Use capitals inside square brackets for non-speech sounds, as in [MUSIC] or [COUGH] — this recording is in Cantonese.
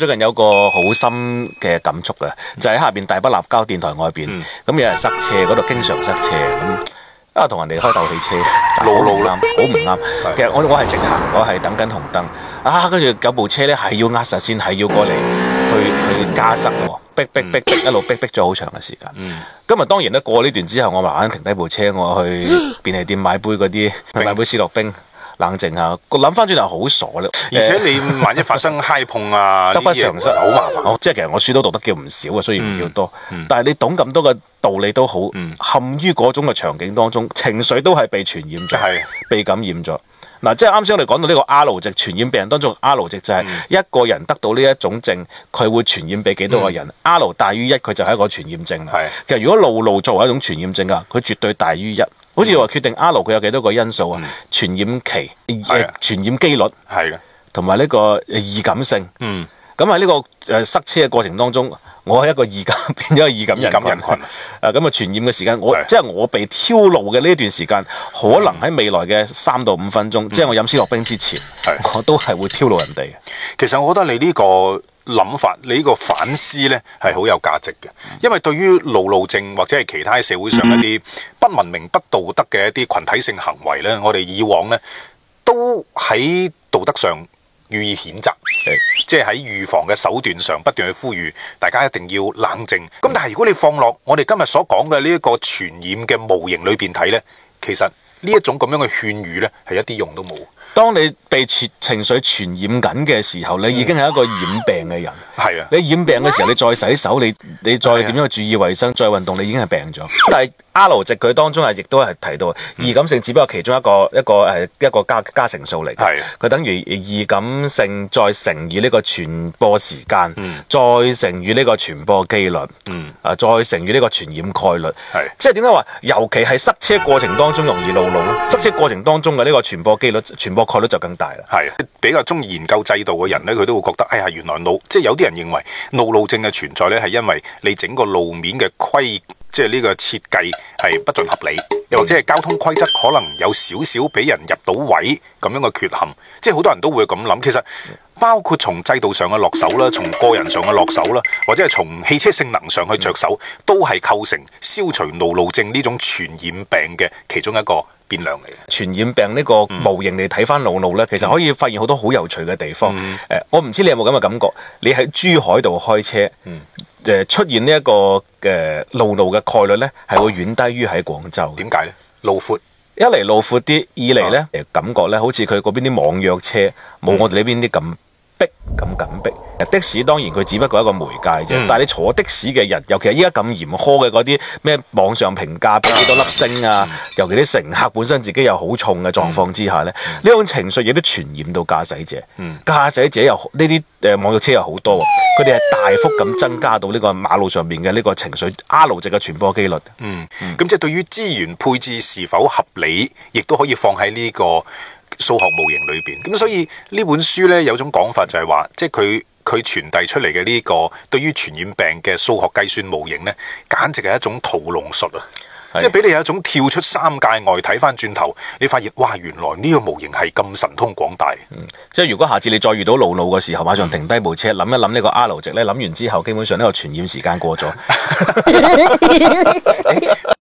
最近有個好深嘅感觸啊，就喺、是、下邊大北立交電台外邊，咁、嗯、有人塞車，嗰度經常塞車。咁啊，同人哋開鬥氣車，老老啦，好唔啱。的其實我我係直行，我係等緊紅燈。啊，跟住九部車咧係要壓實線，係要過嚟去去加塞，逼逼逼一路逼逼咗好長嘅時間。嗯、今日當然咧過呢段之後，我慢慢停低部車，我去便利店買杯嗰啲，買杯思樂冰。冷靜下，個諗翻轉頭好傻咧。而且你萬一發生揩碰啊， [LAUGHS] 些得不償失，好麻煩。即係其實我書都讀得叫唔少啊，雖然唔叫多，嗯嗯、但係你懂咁多嘅道理都好，嗯、陷於嗰種嘅場景當中，情緒都係被傳染咗，的被感染咗。嗱、啊，即係啱先我哋講到呢個 R 值傳染病當中，R 值就係一個人得到呢一種症，佢會傳染俾幾多個人，嗯？R 大於一，佢就係一個傳染症。的其實如果路路作為一種傳染症㗎，佢絕對大於一。好似話決定 R0 佢有幾多個因素啊？嗯、傳染期、呃、是的 傳染機率、係同埋呢個易感性。嗯，咁喺呢個誒塞車嘅過程當中。我係一個易感變咗易感人群，誒咁啊傳染嘅時間，我是即係我被挑路嘅呢段時間，可能喺未來嘅三到五分鐘，嗯、即係我飲私落冰之前，嗯、我都係會挑路人哋。其實我覺得你呢個諗法，你呢個反思呢，係好有價值嘅，因為對於路路症，或者係其他社會上一啲不文明、不道德嘅一啲群體性行為呢，我哋以往呢都喺道德上。予以譴責，即係喺預防嘅手段上不斷去呼籲大家一定要冷靜。咁但係如果你放落我哋今日所講嘅呢一個傳染嘅模型裏邊睇咧，其實呢一種咁樣嘅勸喻咧係一啲用都冇。當你被情緒傳染緊嘅時候，嗯、你已經係一個染病嘅人。係啊的，你染病嘅時候，你再洗手，你你再點樣注意衞生，的再運動，你已經係病咗。但係 R 值佢當中係亦都係提到、嗯、易感性，只不過其中一個一個誒一,一個加加成數嚟。係的，佢等於易感性再乘以呢個傳播時間，嗯、再乘以呢個傳播機率，啊、嗯，再乘以呢個傳染概率。係的，即係點解話尤其係塞車過程當中容易路路咧？塞車過程當中嘅呢個傳播機率傳播。概率就更大啦，係啊，比較中意研究制度嘅人咧，佢都會覺得，哎呀，原來路，即係有啲人認為路怒症嘅存在咧，係因為你整個路面嘅規，即係呢個設計係不盡合理，又或者係交通規則可能有少少俾人入到位咁樣嘅缺陷，即係好多人都會咁諗。其實包括從制度上嘅落手啦，從個人上嘅落手啦，或者係從汽車性能上去着手，嗯、都係構成消除路怒症呢種傳染病嘅其中一個。變量嚟嘅傳染病呢個模型嚟睇翻路路咧，其實可以發現好多好有趣嘅地方。誒、嗯呃，我唔知你有冇咁嘅感覺？你喺珠海度開車，誒、嗯呃、出現呢、這、一個誒、呃、路路嘅概率咧，係會遠低於喺廣州。點解咧？路闊，一嚟路闊啲，二嚟咧，啊、感覺咧好似佢嗰邊啲網約車冇我哋呢邊啲咁。嗯逼咁緊逼，的士當然佢只不過係一個媒介啫。嗯、但係你坐的士嘅人，尤其係依家咁嚴苛嘅嗰啲咩網上評價俾幾多粒星啊？尤其啲乘客本身自己又好重嘅狀況之下呢，呢、嗯、種情緒亦都傳染到駕駛者。駕駛、嗯、者又呢啲誒網約車又好多，佢哋係大幅咁增加到呢個馬路上面嘅呢個情緒 R 值嘅傳播機率嗯。嗯，咁即係對於資源配置是否合理，亦都可以放喺呢、這個。數學模型裏邊，咁所以呢本書呢，有種講法就係話，即係佢佢傳遞出嚟嘅呢個對於傳染病嘅數學計算模型呢，簡直係一種屠龍術啊！是即係俾你有一種跳出三界外睇翻轉頭，你發現哇，原來呢個模型係咁神通廣大。嗯、即係如果下次你再遇到路怒嘅時候，馬上停低部車諗、嗯、一諗呢個 R 值呢，諗完之後基本上呢個傳染時間過咗。 [LAUGHS] [LAUGHS] 欸